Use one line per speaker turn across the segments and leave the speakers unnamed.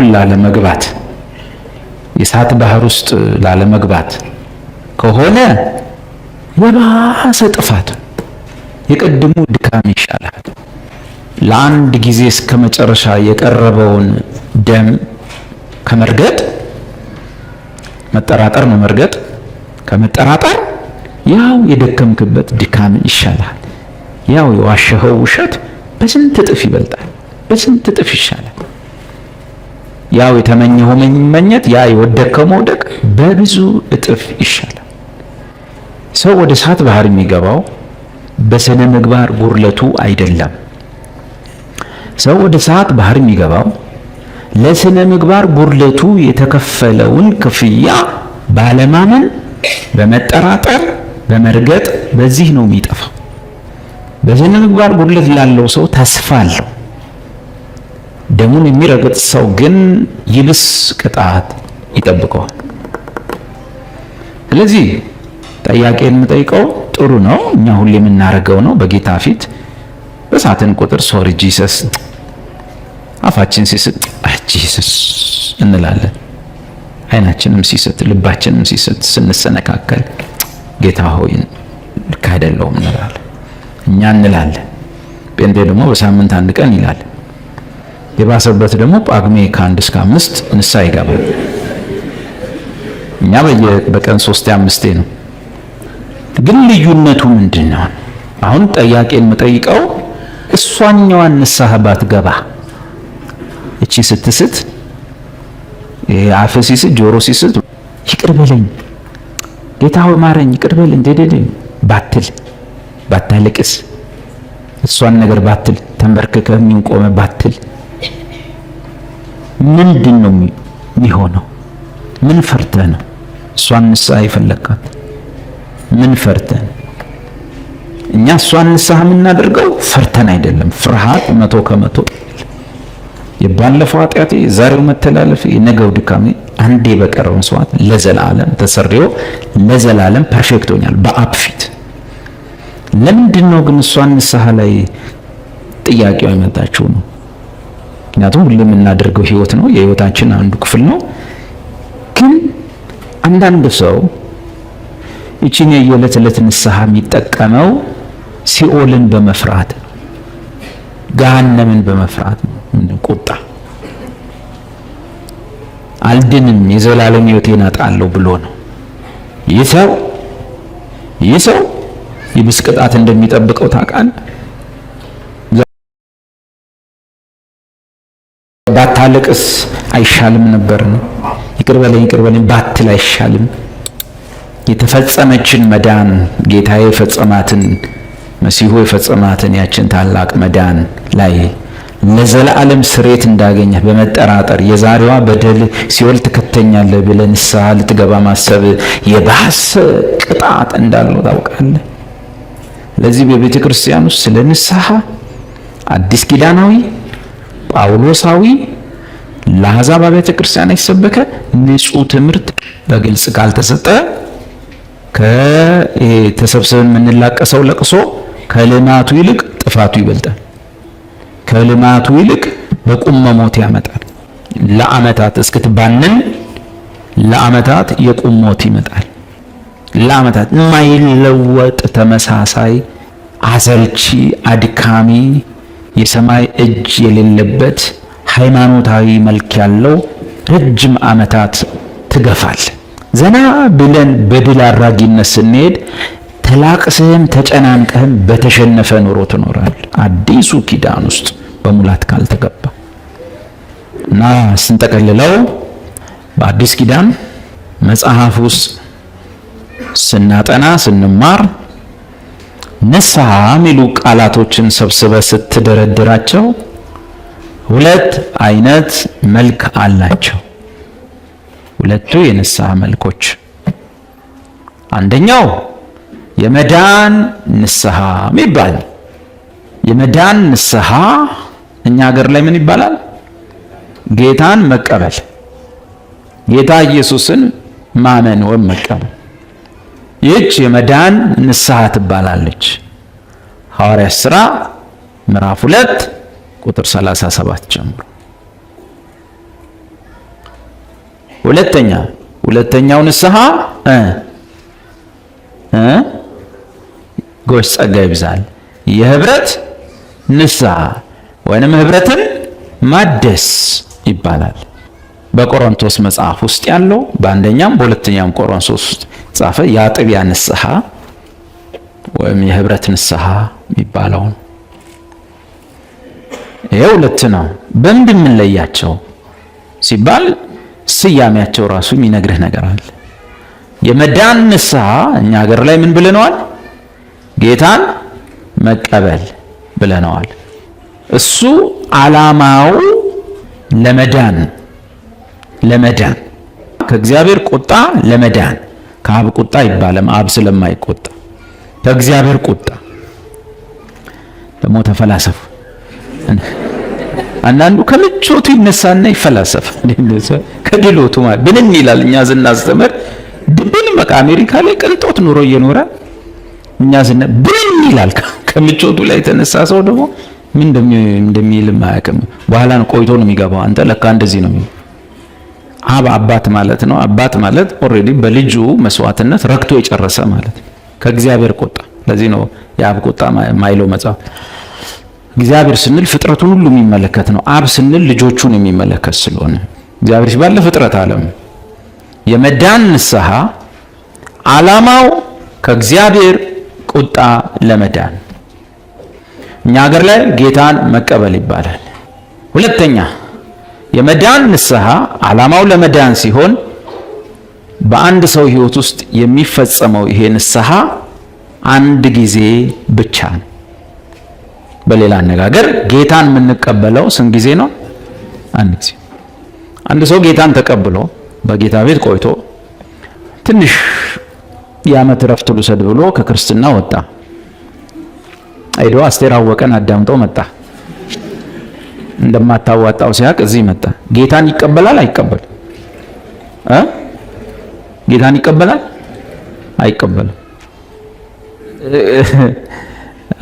ሲኦል ላለመግባት የእሳት ባህር ውስጥ ላለመግባት ከሆነ የባሰ ጥፋት የቀድሞ ድካም ይሻላል። ለአንድ ጊዜ እስከ መጨረሻ የቀረበውን ደም ከመርገጥ መጠራጠር ነው። መርገጥ ከመጠራጠር ያው የደከምክበት ድካም ይሻላል። ያው የዋሸኸው ውሸት በስንት እጥፍ ይበልጣል፣ በስንት እጥፍ ይሻላል። ያው የተመኘው መኘት ያ የወደቅከው መውደቅ በብዙ እጥፍ ይሻላል። ሰው ወደ እሳት ባህር የሚገባው በስነ ምግባር ጉድለቱ አይደለም። ሰው ወደ እሳት ባህር የሚገባው ለስነ ምግባር ጉድለቱ የተከፈለውን ክፍያ ባለማመን፣ በመጠራጠር፣ በመርገጥ በዚህ ነው የሚጠፋው። በስነ ምግባር ጉድለት ላለው ሰው ተስፋ አለው። ደሙን የሚረግጥ ሰው ግን ይብስ ቅጣት ይጠብቀዋል። ስለዚህ ጠያቄን የምጠይቀው ጥሩ ነው፣ እኛ ሁሌ የምናደርገው ነው። በጌታ ፊት በሳትን ቁጥር ሶሪ ጂሰስ አፋችን ሲስጥ ጂሰስ እንላለን። አይናችንም ሲስት፣ ልባችንም ሲስት፣ ስንሰነካከል ጌታ ሆይ ልክ እንላለን። እኛ እንላለን። ጴንጤ ደግሞ በሳምንት አንድ ቀን ይላል። የባሰበት ደግሞ ጳጉሜ ከአንድ እስከ አምስት ንሳ ይገባል። እኛ በቀን ሶስቴ አምስቴ ነው። ግን ልዩነቱ ምንድን ነው? አሁን ጠያቄን የምጠይቀው እሷኛዋን ንስሐ ባትገባ እቺ ስትስት አፍ ሲስት ጆሮ ሲስት ይቅር በለኝ ጌታ ሆይ ማረኝ ይቅር በለኝ ደደደኝ ባትል ባታለቅስ እሷን ነገር ባትል ተንበርክከ የሚንቆመ ባትል ምንድን ነው የሚሆነው? ምን ፈርተህ ነው እሷን ንስሐ የፈለካት? ምን ፈርተህ ነው? እኛ እሷን ንስሐ የምናደርገው ፈርተን አይደለም። ፍርሃት መቶ ከመቶ የባለፈው ኃጢአቴ፣ የዛሬው መተላለፍ፣ የነገው ድካሜ አንዴ በቀረው መስዋዕት ለዘላለም ተሰርዮ ለዘላለም ፐርፌክት ሆኛል በአብ ፊት። ለምንድን ነው ግን እሷን ንስሐ ላይ ጥያቄው አይመጣችሁ ነው? ምክንያቱም ሁሌ የምናደርገው ህይወት ነው፣ የህይወታችን አንዱ ክፍል ነው። ግን አንዳንዱ ሰው ይቺን የየዕለት ዕለት ንስሐ የሚጠቀመው ሲኦልን በመፍራት ገሃነምን በመፍራት ነው። ቁጣ አልድንም የዘላለም ህይወቴን አጣለሁ ብሎ ነው። ይህ ሰው ይህ ሰው የብስ ቅጣት እንደሚጠብቀው ታውቃለህ። ባታለቅስ አይሻልም ነበር ነው። ይቅር በለኝ ይቅር በለኝ ባትል አይሻልም። የተፈጸመችን መዳን ጌታዬ የፈጸማትን መሲሁ የፈጸማትን ያችን ታላቅ መዳን ላይ ለዘላለም ስሬት እንዳገኘ በመጠራጠር የዛሬዋ በደል ሲወል ትከተኛለህ ብለህ ንስሐ ልትገባ ማሰብ የባሰ ቅጣት እንዳለው ታውቃለህ። ለዚህ በቤተ ክርስቲያን ውስጥ ስለ ንስሐ አዲስ ኪዳናዊ ጳውሎሳዊ ለአሕዛብ አብያተ ክርስቲያን የተሰበከ ንጹህ ትምህርት በግልጽ ካልተሰጠ ተሰብስበን የምንላቀሰው ለቅሶ ከልማቱ ይልቅ ጥፋቱ ይበልጣል። ከልማቱ ይልቅ በቁም መሞት ያመጣል። ለአመታት እስክትባንን ለአመታት የቁም ሞት ይመጣል። ለዓመታት የማይለወጥ ተመሳሳይ አሰልቺ አድካሚ የሰማይ እጅ የሌለበት ሃይማኖታዊ መልክ ያለው ረጅም ዓመታት ትገፋል። ዘና ብለን በድል አድራጊነት ስንሄድ ተላቅስህም ተጨናንቀህም በተሸነፈ ኑሮ ትኖራል። አዲሱ ኪዳን ውስጥ በሙላት ካልተገባ እና ስንጠቀልለው በአዲስ ኪዳን መጽሐፍ ውስጥ ስናጠና ስንማር ንስሐ የሚሉ ቃላቶችን ሰብስበ ስትደረድራቸው ሁለት አይነት መልክ አላቸው። ሁለቱ የንስሐ መልኮች አንደኛው የመዳን ንስሐ ይባል። የመዳን ንስሐ እኛ ሀገር ላይ ምን ይባላል? ጌታን መቀበል፣ ጌታ ኢየሱስን ማመን ወይም መቀበል። ይህች የመዳን ንስሐ ትባላለች። ሐዋርያ ሥራ ምዕራፍ ሁለት ቁጥር 37 ጀምሮ። ሁለተኛ ሁለተኛው ንስሐ እ ጎሽ ጸጋ ይብዛል የህብረት ንስሐ ወይንም ህብረትን ማደስ ይባላል። በቆሮንቶስ መጽሐፍ ውስጥ ያለው በአንደኛም በሁለተኛም ቆሮንቶስ ውስጥ ጻፈ የአጥቢያ ንስሐ ወይም የህብረት ንስሐ የሚባለው ይሄ ሁለት ነው። በምንድን የምንለያቸው ሲባል ስያሜያቸው ራሱ የሚነግርህ ነገር አለ። የመዳን ንስሐ እኛ ሀገር ላይ ምን ብለነዋል? ጌታን መቀበል ብለነዋል። እሱ ዓላማው ለመዳን ለመዳን ከእግዚአብሔር ቁጣ ለመዳን ከአብ ቁጣ ይባለም አብ ስለማይቆጣ ከእግዚአብሔር ቁጣ ደግሞ ተፈላሰፉ አንዳንዱ ከምቾቱ ይነሳና ይፈላሰፍ ከድሎቱ ማለት ብንን ይላል። እኛ ስናስተምር ብንን በቃ አሜሪካ ላይ ቅንጦት ኑሮ እየኖረ እኛ ስና ብንን ይላል። ከምቾቱ ላይ የተነሳ ሰው ደግሞ ምን እንደሚል አያውቅም። በኋላ ቆይቶ ነው የሚገባው። አንተ ለካ እንደዚህ ነው አብ አባት ማለት ነው። አባት ማለት ኦልሬዲ በልጁ መስዋዕትነት ረክቶ የጨረሰ ማለት ከእግዚአብሔር ቁጣ። ለዚህ ነው የአብ ቁጣ ማይለው መጽሐፍ እግዚአብሔር ስንል ፍጥረቱን ሁሉ የሚመለከት ነው። አብ ስንል ልጆቹን የሚመለከት ስለሆነ እግዚአብሔር ሲባል ፍጥረት ዓለም የመዳን ንስሐ ዓላማው ከእግዚአብሔር ቁጣ ለመዳን እኛ ሀገር ላይ ጌታን መቀበል ይባላል። ሁለተኛ የመዳን ንስሐ ዓላማው ለመዳን ሲሆን በአንድ ሰው ሕይወት ውስጥ የሚፈጸመው ይሄ ንስሐ አንድ ጊዜ ብቻ ነው። በሌላ አነጋገር ጌታን የምንቀበለው ስን ጊዜ ነው? አንድ ጊዜ። አንድ ሰው ጌታን ተቀብሎ በጌታ ቤት ቆይቶ ትንሽ የዓመት እረፍት ልውሰድ ብሎ ከክርስትና ወጣ። ሄዶ አስቴር አወቀን አዳምጦ መጣ። እንደማታዋጣው ሲያቅ እዚህ መጣ። ጌታን ይቀበላል አይቀበል? ጌታን ይቀበላል አይቀበልም?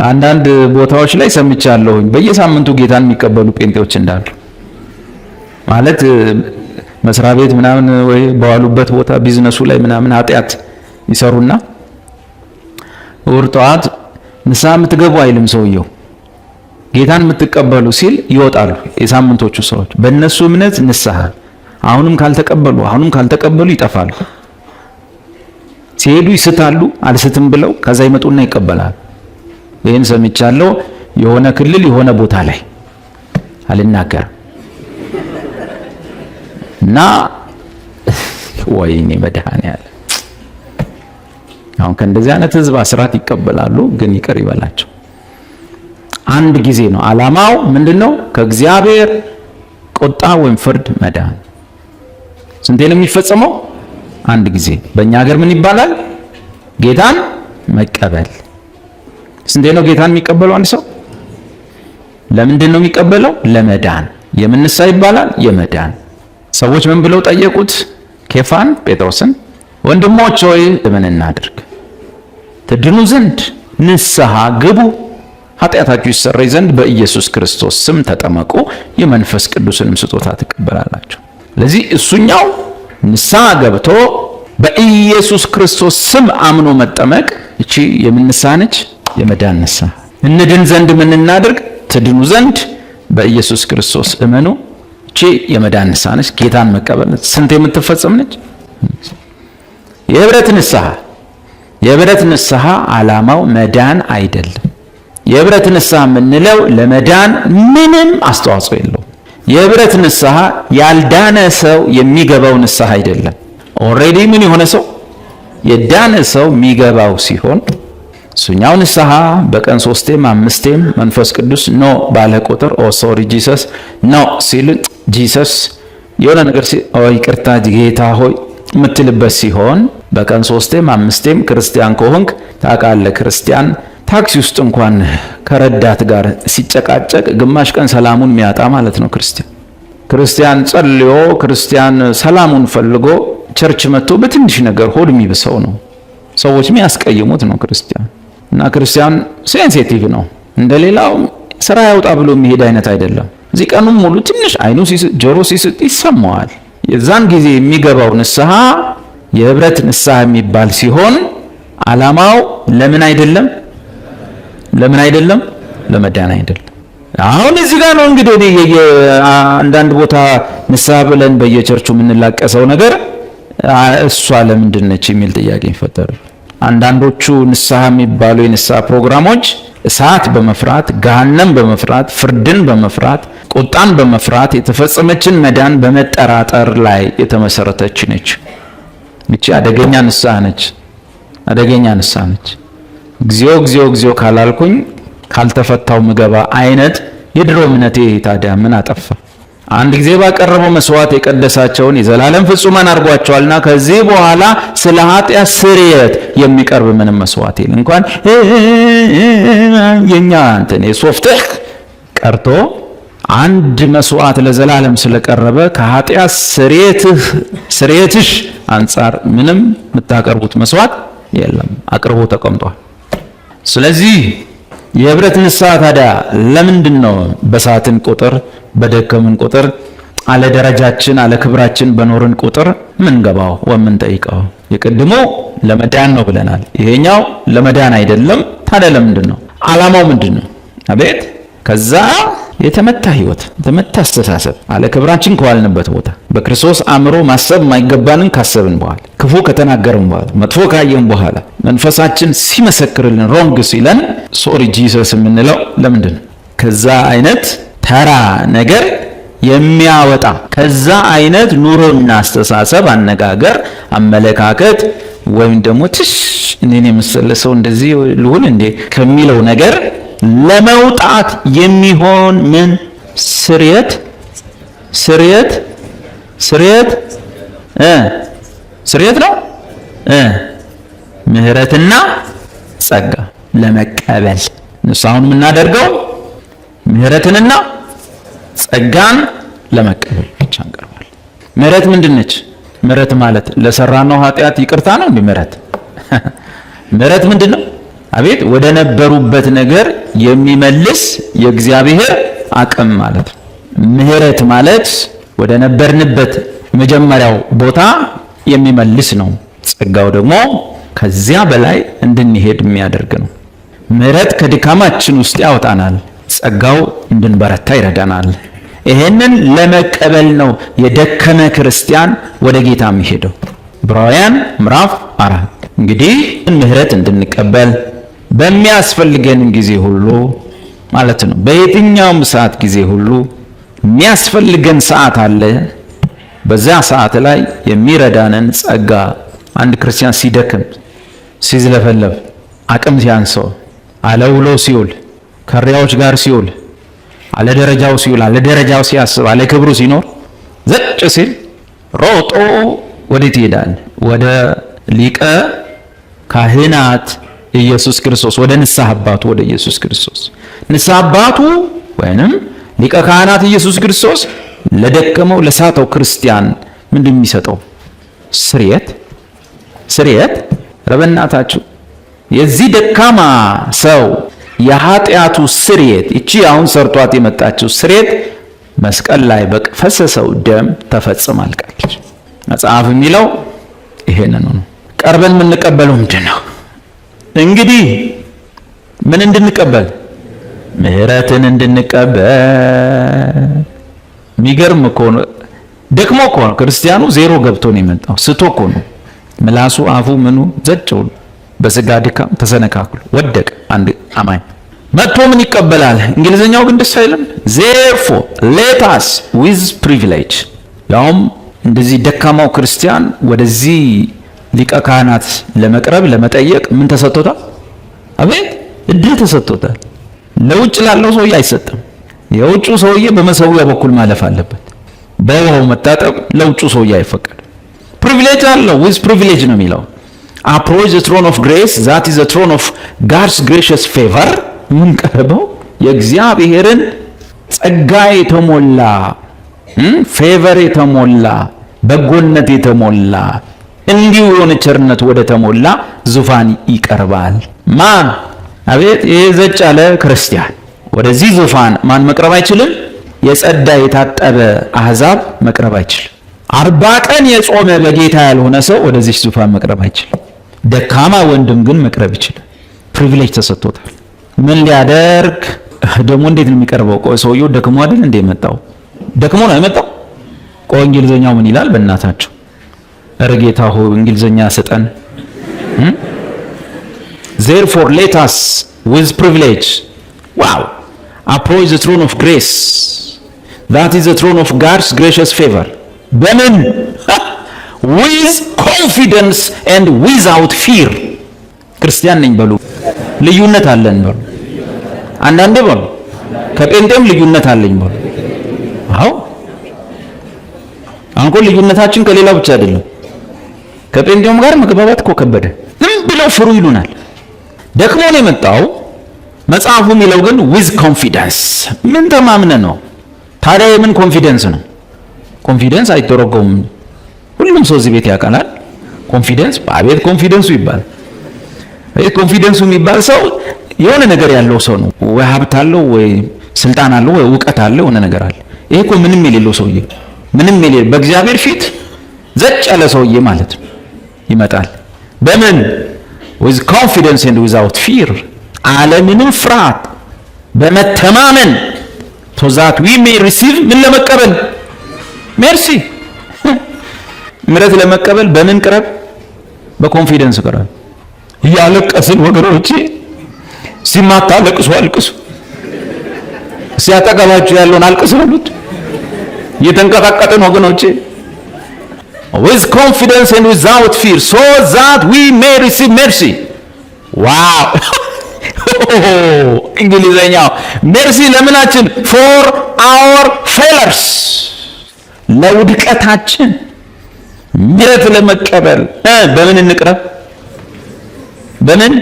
አንዳንድ ቦታዎች ላይ ሰምቻለሁኝ በየሳምንቱ ጌታን የሚቀበሉ ጴንጤዎች እንዳሉ ማለት መስሪያ ቤት ምናምን ወይ በዋሉበት ቦታ ቢዝነሱ ላይ ምናምን ኃጢአት ይሰሩና እሑድ ጠዋት ንስሐ የምትገቡ አይልም ሰውየው። ጌታን የምትቀበሉ ሲል ይወጣሉ የሳምንቶቹ ሰዎች። በእነሱ እምነት ንስሐ አሁንም ካልተቀበሉ አሁንም ካልተቀበሉ ይጠፋሉ። ሲሄዱ ይስታሉ፣ አልስትም ብለው ከዛ ይመጡና ይቀበላሉ። ይህን ሰምቻለሁ። የሆነ ክልል የሆነ ቦታ ላይ አልናገርም እና ወይኔ መድኃኔዓለም አሁን ከእንደዚህ አይነት ህዝብ አስራት ይቀበላሉ፣ ግን ይቅር ይበላቸው። አንድ ጊዜ ነው አላማው። ምንድነው? ከእግዚአብሔር ቁጣ ወይም ፍርድ መዳን። ስንቴ ነው የሚፈጸመው? አንድ ጊዜ። በእኛ ሀገር ምን ይባላል? ጌታን መቀበል ስንቴ ነው ጌታን የሚቀበለው አንድ ሰው? ለምንድን ነው የሚቀበለው? ለመዳን። የምንሳ ይባላል የመዳን ሰዎች ምን ብለው ጠየቁት ኬፋን ጴጥሮስን፣ ወንድሞች ሆይ ምን እናድርግ ትድኑ ዘንድ ንስሐ ግቡ ኃጢአታችሁ ይሰረይ ዘንድ በኢየሱስ ክርስቶስ ስም ተጠመቁ የመንፈስ ቅዱስንም ስጦታ ትቀበላላችሁ። ለዚህ እሱኛው ንስሐ ገብቶ በኢየሱስ ክርስቶስ ስም አምኖ መጠመቅ፣ እቺ የምንሳ ነች? የመዳን ንስሐ እንድን ዘንድ እናድርግ? ትድኑ ዘንድ በኢየሱስ ክርስቶስ እመኑ። እቺ የመዳን ንስሐ ነች። ጌታን መቀበል ስንት የምትፈጸም ነች። የህብረት ንስሐ የህብረት ንስሐ ዓላማው መዳን አይደለም። የህብረት ንስሐ የምንለው ለመዳን ምንም አስተዋጽኦ የለውም። የህብረት ንስሐ ያልዳነ ሰው የሚገባው ንስሐ አይደለም። ኦልሬዲ ምን የሆነ ሰው የዳነ ሰው የሚገባው ሲሆን እሱኛው ንስሐ በቀን ሶስቴም አምስቴም መንፈስ ቅዱስ ኖ ባለ ቁጥር ኦ ሶሪ ጂሰስ ኖ ሲል ጂሰስ የሆነ ነገር ይቅርታ ጌታ ሆይ የምትልበት ሲሆን በቀን ሶስቴም አምስቴም ክርስቲያን ከሆንክ ታውቃለህ። ክርስቲያን ታክሲ ውስጥ እንኳን ከረዳት ጋር ሲጨቃጨቅ ግማሽ ቀን ሰላሙን የሚያጣ ማለት ነው። ክርስቲያን ክርስቲያን ጸልዮ ክርስቲያን ሰላሙን ፈልጎ ቸርች መጥቶ በትንሽ ነገር ሆድ የሚብሰው ነው። ሰዎች የሚያስቀይሙት ነው ክርስቲያን እና ክርስቲያን ሴንሲቲቭ ነው። እንደሌላው ስራ ያውጣ ብሎ የሚሄድ አይነት አይደለም። እዚህ ቀኑም ሙሉ ትንሽ አይኑ ሲስጥ፣ ጆሮ ሲስጥ ይሰማዋል። የዛን ጊዜ የሚገባው ንስሐ የህብረት ንስሐ የሚባል ሲሆን አላማው ለምን አይደለም? ለምን አይደለም? ለመዳን አይደለም። አሁን እዚህ ጋር ነው እንግዲህ እኔ አንዳንድ ቦታ ንስሐ ብለን በየቸርቹ የምንላቀሰው ነገር እሷ ለምንድን ነች የሚል ጥያቄ ይፈጠራል። አንዳንዶቹ ንስሐ የሚባሉ የንስሐ ፕሮግራሞች እሳት በመፍራት ገሃነም በመፍራት ፍርድን በመፍራት ቁጣን በመፍራት የተፈጸመችን መዳን በመጠራጠር ላይ የተመሰረተች ነች። ይቺ አደገኛ ንስሐ ነች። አደገኛ ንስሐ ነች። እግዚኦ እግዚኦ እግዚኦ ካላልኩኝ ካልተፈታው ምገባ አይነት የድሮ እምነቴ ታዲያ ምን አጠፋ? አንድ ጊዜ ባቀረበው መስዋዕት የቀደሳቸውን የዘላለም ፍጹማን አድርጓቸዋልና ከዚህ በኋላ ስለ ኃጢአት ስርየት የሚቀርብ ምንም መስዋዕት የለም። እንኳን የኛ እንትን የሶፍትህ ቀርቶ አንድ መስዋዕት ለዘላለም ስለቀረበ ከኃጢአት ስርየትህ ስርየትሽ አንጻር ምንም የምታቀርቡት መስዋዕት የለም። አቅርቦ ተቀምጧል። ስለዚህ የህብረት ንስሐ ታዲያ ለምንድን ነው? በሳትን ቁጥር በደከምን ቁጥር አለ ደረጃችን አለ ክብራችን በኖርን ቁጥር ምንገባው ወምንጠይቀው? የቅድሞ ለመዳን ነው ብለናል። ይሄኛው ለመዳን አይደለም። ታዲያ ለምንድን ነው? አላማው ምንድን ነው? አቤት ከዛ የተመታ ህይወት፣ የተመታ አስተሳሰብ አለ ክብራችን ከዋልንበት ቦታ በክርስቶስ አእምሮ ማሰብ ማይገባንን ካሰብን በኋላ ክፉ ከተናገርን በኋላ መጥፎ ካየን በኋላ መንፈሳችን ሲመሰክርልን ሮንግ ሲለን ሶሪ ጂሰስ የምንለው ለምንድን ነው? ከዛ አይነት ተራ ነገር የሚያወጣ ከዛ አይነት ኑሮና አስተሳሰብ፣ አነጋገር፣ አመለካከት ወይም ደግሞ ትሽ እኔን የመሰለ ሰው እንደዚህ ልሁን እንዴ ከሚለው ነገር ለመውጣት የሚሆን ምን ስርየት ስርየት ስርየት እ ስርየት ነው እ ምህረትና ጸጋ ለመቀበል አሁን የምናደርገው ምህረትንና ጸጋን ለመቀበል ብቻ እንቀርባለን። ምህረት ምንድን ነች? ምህረት ማለት ለሰራነው ኃጢአት ይቅርታ ነው ምህረት ምህረት ምንድን ነው? አቤት ወደ ነበሩበት ነገር የሚመልስ የእግዚአብሔር አቅም ማለት ነው። ምህረት ማለት ወደ ነበርንበት መጀመሪያው ቦታ የሚመልስ ነው። ጸጋው ደግሞ ከዚያ በላይ እንድንሄድ የሚያደርግ ነው። ምህረት ከድካማችን ውስጥ ያወጣናል። ጸጋው እንድንበረታ ይረዳናል። ይሄንን ለመቀበል ነው የደከመ ክርስቲያን ወደ ጌታ የሚሄደው። ዕብራውያን ምዕራፍ አራት እንግዲህ ምህረት እንድንቀበል በሚያስፈልገን ጊዜ ሁሉ ማለት ነው። በየትኛውም ሰዓት ጊዜ ሁሉ የሚያስፈልገን ሰዓት አለ። በዛ ሰዓት ላይ የሚረዳንን ጸጋ አንድ ክርስቲያን ሲደክም፣ ሲዝለፈለፍ፣ አቅም ሲያንሰው፣ አለውሎ ሲውል፣ ከሪያዎች ጋር ሲውል፣ አለደረጃው ሲውል፣ አለደረጃው ሲያስብ፣ አለክብሩ ሲኖር ዘጭ ሲል ሮጦ ወዴት ይሄዳል? ወደ ሊቀ ካህናት ኢየሱስ ክርስቶስ ወደ ንስሐ አባቱ ወደ ኢየሱስ ክርስቶስ ንስሐ አባቱ ወይንም ሊቀ ካህናት ኢየሱስ ክርስቶስ ለደከመው ለሳተው ክርስቲያን ምንድን የሚሰጠው ስርየት ስርየት ረበናታችሁ የዚህ ደካማ ሰው የኃጢአቱ ስርየት እቺ አሁን ሰርቷት የመጣችው ስርየት መስቀል ላይ በፈሰሰው ደም ተፈጽማ አልቃለች መጽሐፍ የሚለው ይሄንን ነው ቀርበን የምንቀበለው ምንድን ነው እንግዲህ ምን እንድንቀበል ምህረትን እንድንቀበል። የሚገርም እኮ ነው። ደክሞ እኮ ነው ክርስቲያኑ ዜሮ ገብቶ ነው የመጣው። ስቶ እኮ ነው ምላሱ፣ አፉ፣ ምኑ ዘጭው በስጋ ድካም ተሰነካክሎ ወደቀ። አንድ አማኝ መጥቶ ምን ይቀበላል? እንግሊዝኛው ግን ደስ አይልም። ዜርፎ ሌታስ ዊዝ ፕሪቪሌጅ ያውም እንደዚህ ደካማው ክርስቲያን ወደዚህ ሊቀ ካህናት ለመቅረብ ለመጠየቅ ምን ተሰጥቶታል? አቤት እድል ተሰጥቶታል። ለውጭ ላለው ሰውዬ አይሰጥም። የውጩ ሰውዬ በመሰዊያ በኩል ማለፍ አለበት። በውሃው መታጠብ ለውጩ ሰውዬ አይፈቀድም። ፕሪቪሌጅ አለው። ዊዝ ፕሪቪሌጅ ነው የሚለው አፕሮች ዘ ትሮን ኦፍ ግሬስ ዛት ኢዝ ዘ ትሮን ኦፍ ጋድስ ግሬሽስ ፌቨር የምንቀርበው የእግዚአብሔርን ጸጋ የተሞላ ፌቨር የተሞላ በጎነት የተሞላ እንዲሁ የሆነ ቸርነት ወደ ተሞላ ዙፋን ይቀርባል። ማን አቤት! ይሄ ዘጭ ያለ ክርስቲያን ወደዚህ ዙፋን ማን መቅረብ አይችልም? የጸዳ የታጠበ አህዛብ መቅረብ አይችልም። አርባ ቀን የጾመ በጌታ ያልሆነ ሰው ወደዚህ ዙፋን መቅረብ አይችልም። ደካማ ወንድም ግን መቅረብ ይችላል። ፕሪቪሌጅ ተሰጥቶታል። ምን ሊያደርግ ደግሞ እንዴት ነው የሚቀርበው? ሰውየው ደክሞ አይደል እንደ የመጣው ደክሞ ነው የመጣው። ቆይ ምን ይላል? በእናታቸው እረ ጌታ ሆ እንግሊዝኛ ስጠን። ዜርፎር ሌታስ ዊዝ ፕሪቪሌጅ ዋው አፕሮች ዘ ትሮን ኦፍ ግሬስ ዛት ኢዝ ዘ ትሮን ኦፍ ጋድስ ግሬሽስ ፌቨር በምን ዊዝ ኮንፊደንስ ኤንድ ዊዛውት ፊር ክርስቲያን ነኝ በሉ። ልዩነት አለን በሉ። አንዳንዴ በሉ ከጴንጤም ልዩነት አለኝ በሉ። አዎ አንኮ ልዩነታችን ከሌላው ብቻ አይደለም። ከጴንጤውም ጋር መግባባት እኮ ከበደ። ዝም ብለው ፍሩ ይሉናል። ደክሞ ነው የመጣው። መጽሐፉ የሚለው ግን ዊዝ ኮንፊደንስ። ምን ተማምነ ነው ታዲያ? የምን ኮንፊደንስ ነው? ኮንፊደንስ አይተረጎምም። ሁሉም ሰው እዚህ ቤት ያውቀናል። ኮንፊደንስ አቤት ኮንፊደንሱ ይባል አቤት ኮንፊደንሱ የሚባል ሰው የሆነ ነገር ያለው ሰው ነው። ወይ ሀብት አለው፣ ወይ ስልጣን አለው፣ ወይ እውቀት አለው፣ የሆነ ነገር አለ። ይሄ እኮ ምንም የሌለው ሰውዬ ምንም የሌለው በእግዚአብሔር ፊት ዘጭ ያለ ሰውዬ ማለት ነው። ይመጣል። በምን ዊዝ ኮንፊደንስ ኤንድ ዊዛውት ፊር አለምንም ፍርሃት በመተማመን ቶዛት ዊ ሜ ሪሲቭ ምን ለመቀበል ሜርሲ ምረት ለመቀበል በምን ቅረብ በኮንፊደንስ ቅረብ። እያለቀስን ወገኖች ሲማታ አለቅሱ አልቅሱ፣ ሲያጠገባችሁ ያለውን አልቅስ አሉት። እየተንቀጠቀጥን ወገኖቼ with confidence and without fear so that we may receive mercy ዋው እንግሊዘኛው ሜርሲ ለምናችን ፎር አወር ፌለርስ ለውድቀታችን ምሕረት ለመቀበል በምን እንቅረብ በምን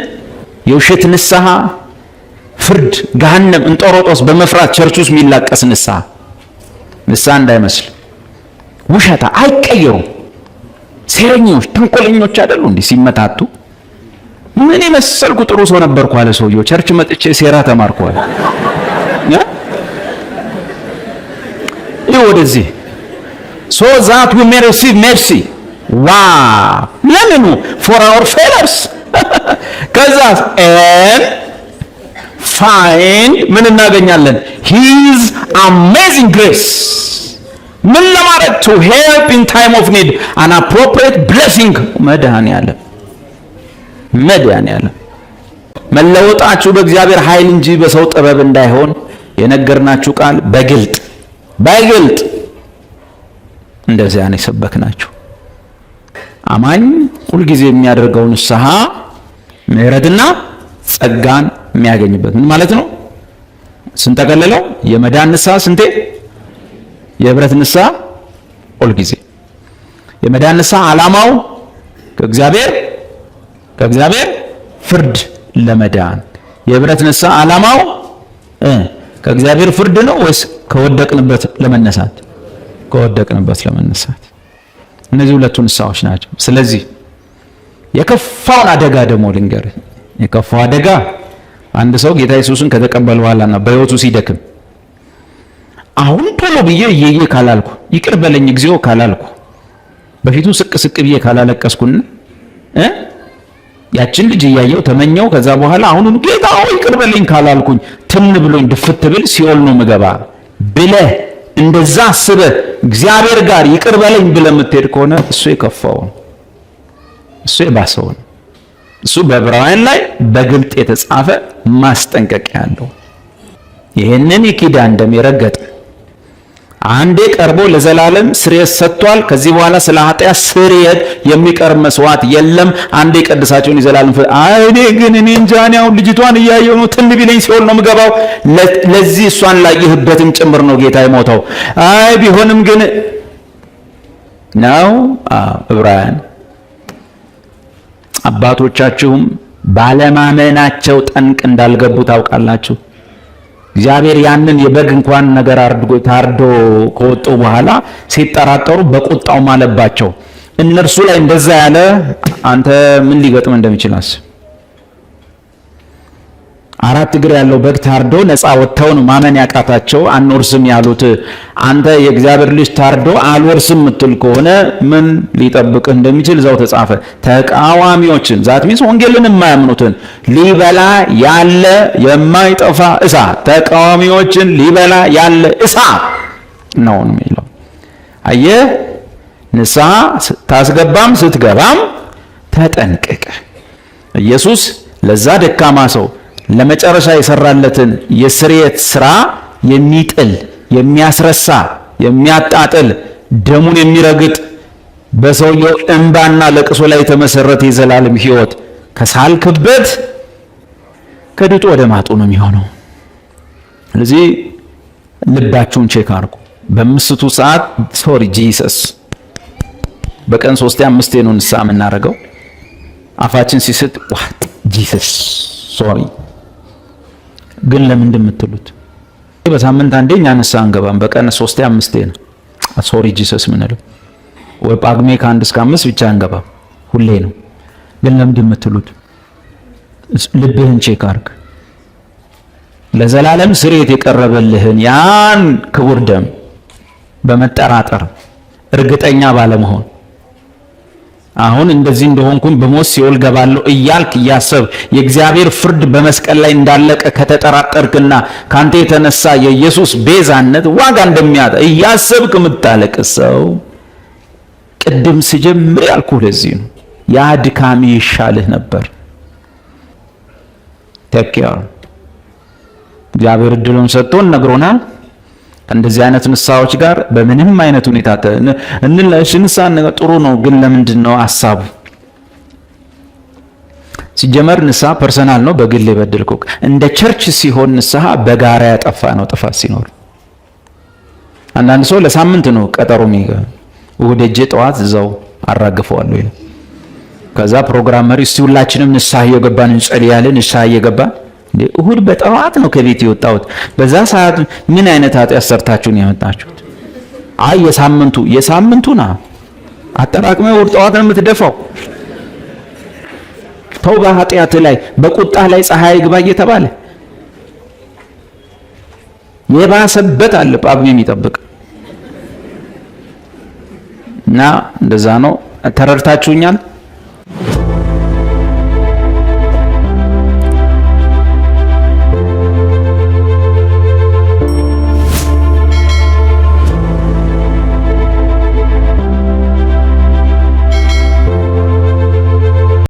የውሸት ንስሐ ፍርድ ገሃነም እንጦሮጦስ በመፍራት ቸርች ውስጥ የሚላቀስ ንስሐ ንስሐ እንዳይመስል ውሸታ አይቀየሩም ሴረኞች፣ ተንኮለኞች አይደሉ እንዴ ሲመታቱ? ምን የመሰልኩ ጥሩ ሰው ነበርኩ አለ ሰውየው። ቸርች መጥቼ ሴራ ተማርኩ አለ። ይህ ወደዚህ ሶ ዛት ዊ ሜ ሪሲቭ ሜርሲ ዋ ለምኑ ፎር አወር ፌለርስ ከዛ ኤን ፋይንድ ምን እናገኛለን? ሂዝ አሜዚንግ ግሬስ ምን ለማድረግ ቱ ሄልፕ ኢን ታይም ኦፍ ኒድ አን አፕሮፕሪየት ብሌሲንግ መድኃኔዓለም መድኃኔዓለም መለወጣችሁ በእግዚአብሔር ኃይል እንጂ በሰው ጥበብ እንዳይሆን የነገርናችሁ ቃል በግልጥ በግልጥ እንደዚያ ነው የሰበክናችሁ። አማኝ ሁልጊዜ የሚያደርገው ንስሐ ምሕረትና ጸጋን የሚያገኝበት ምን ማለት ነው? ስንጠቀልለው የመዳን ንስሐ ስንቴ የህብረት ንስሐ ሁልጊዜ የመዳን ንስሐ ዓላማው ከእግዚአብሔር ከእግዚአብሔር ፍርድ ለመዳን የህብረት ንስሐ ዓላማው ከእግዚአብሔር ፍርድ ነው ወይስ ከወደቅንበት ለመነሳት? ከወደቅንበት ለመነሳት። እነዚህ ሁለቱ ንስሐዎች ናቸው። ስለዚህ የከፋውን አደጋ ደግሞ ልንገር። የከፋው አደጋ አንድ ሰው ጌታ ኢየሱስን ከተቀበለ በኋላና በህይወቱ ሲደክም አሁን ቶሎ ብዬ እየዬ ካላልኩ ይቅር በለኝ እግዚኦ ካላልኩ በፊቱ ስቅ ስቅ ብዬ ካላለቀስኩን እ ያችን ልጅ እያየው ተመኘው። ከዛ በኋላ አሁንም ጌታ ሆይ ይቅር በለኝ ካላልኩኝ ትን ብሎኝ ድፍት ብል ሲኦል ነው ምገባ ብለህ እንደዛ አስበህ እግዚአብሔር ጋር ይቅር በለኝ ብለህ የምትሄድ ከሆነ እሱ የከፋው እሱ የባሰው እሱ በዕብራውያን ላይ በግልጥ የተጻፈ ማስጠንቀቂያ አለው። ይህንን የኪዳን ደም የረገጠ አንዴ ቀርቦ ለዘላለም ስርየት ሰጥቷል። ከዚህ በኋላ ስለ ኃጢአት ስርየት የሚቀርብ መስዋዕት የለም። አንዴ ቀድሳቸውን ይዘላለም ፈ ግን እኔ እንጃኔ አሁን ልጅቷን እያየው ነው። ትን ቢለኝ ሲሆን ነው ምገባው። ለዚህ እሷን ላየህበትም ጭምር ነው ጌታ የሞተው። አይ ቢሆንም ግን ነው ዕብራውያን አባቶቻችሁም ባለማመናቸው ጠንቅ እንዳልገቡ ታውቃላችሁ። እግዚአብሔር ያንን የበግ እንኳን ነገር ታርዶ ከወጡ በኋላ ሲጠራጠሩ በቁጣው ማለባቸው። እነርሱ ላይ እንደዛ ያለ አንተ ምን ሊገጥም እንደሚችል አስብ። አራት እግር ያለው በግ ታርዶ ነፃ ወጥተው ነው ማመን ያቃታቸው አንወርስም ያሉት። አንተ የእግዚአብሔር ልጅ ታርዶ አልወርስም ምትል ከሆነ ምን ሊጠብቅህ እንደሚችል እዛው ተጻፈ። ተቃዋሚዎችን ዛት ሚስ ወንጌልን የማያምኑትን ሊበላ ያለ የማይጠፋ እሳት፣ ተቃዋሚዎችን ሊበላ ያለ እሳት ነው የሚለው። አየህ፣ ንስሐ ታስገባም ስትገባም ተጠንቅቅ። ኢየሱስ ለዛ ደካማ ሰው ለመጨረሻ የሰራለትን የስርየት ስራ የሚጥል የሚያስረሳ የሚያጣጥል ደሙን የሚረግጥ በሰውየው እንባና ለቅሶ ላይ የተመሰረተ የዘላለም ህይወት ከሳልክበት ከድጡ ወደ ማጡ ነው የሚሆነው። ስለዚህ ልባችሁን ቼክ አድርጉ። በምስቱ ሰዓት ሶሪ ጂሰስ በቀን ሶስቴ አምስቴ ነው ንስሐ የምናደርገው። አፋችን ሲስት ዋት ጂሰስ ሶሪ ግን ለምን እንደምትሉት በሳምንት አንዴ እኛ ንስሐ አንገባም። በቀን ሶስቴ አምስቴ ነው። ሶሪ ጂሰስ ምንለው ወይ ጳጉሜ ከአንድ እስከ አምስት ብቻ አንገባም። ሁሌ ነው። ግን ለምን እንደምትሉት ልብህን ቼክ አርግ። ለዘላለም ስሬት የቀረበልህን ያን ክቡር ደም በመጠራጠር እርግጠኛ ባለመሆን አሁን እንደዚህ እንደሆንኩም በሞት ሲኦል ገባለሁ እያልክ እያሰብ የእግዚአብሔር ፍርድ በመስቀል ላይ እንዳለቀ ከተጠራጠርክና ካንተ የተነሳ የኢየሱስ ቤዛነት ዋጋ እንደሚያጣ እያሰብክ የምታለቅ ሰው ቅድም ስጀምር ያልኩ ለዚህ ነው። ያ ድካሜ ይሻልህ ነበር። ተኪያ እግዚአብሔር እድሉን ሰጥቶን ነግሮናል። ከእንደዚህ አይነት ንስሐዎች ጋር በምንም አይነት ሁኔታ ንስሐ ጥሩ ነው፣ ግን ለምንድን ነው ሀሳቡ? ሲጀመር ንስሐ ፐርሰናል ነው፣ በግል የበደልኩ። እንደ ቸርች ሲሆን ንስሐ በጋራ ያጠፋ ነው። ጥፋት ሲኖር አንዳንድ ሰው ለሳምንት ነው ቀጠሮ የሚገባ እሑድ ጠዋት እዛው አራግፈዋለሁ። ከዛ ፕሮግራም መሪ እስቲ ሁላችንም ንስሐ እየገባን እንጸልያለን። ንስሐ እየገባን እሁድ በጠዋት ነው ከቤት የወጣሁት። በዛ ሰዓት ምን አይነት ኃጢአት ሰርታችሁ ነው የመጣችሁት? አይ የሳምንቱ የሳምንቱ ና አጠራቅመ እሁድ ጠዋት ነው የምትደፋው። ተው በኃጢአት ላይ በቁጣ ላይ ፀሐይ ግባ እየተባለ የባሰበት አለ ጳጉሜ የሚጠብቅ እና እንደዛ ነው። ተረድታችሁኛል?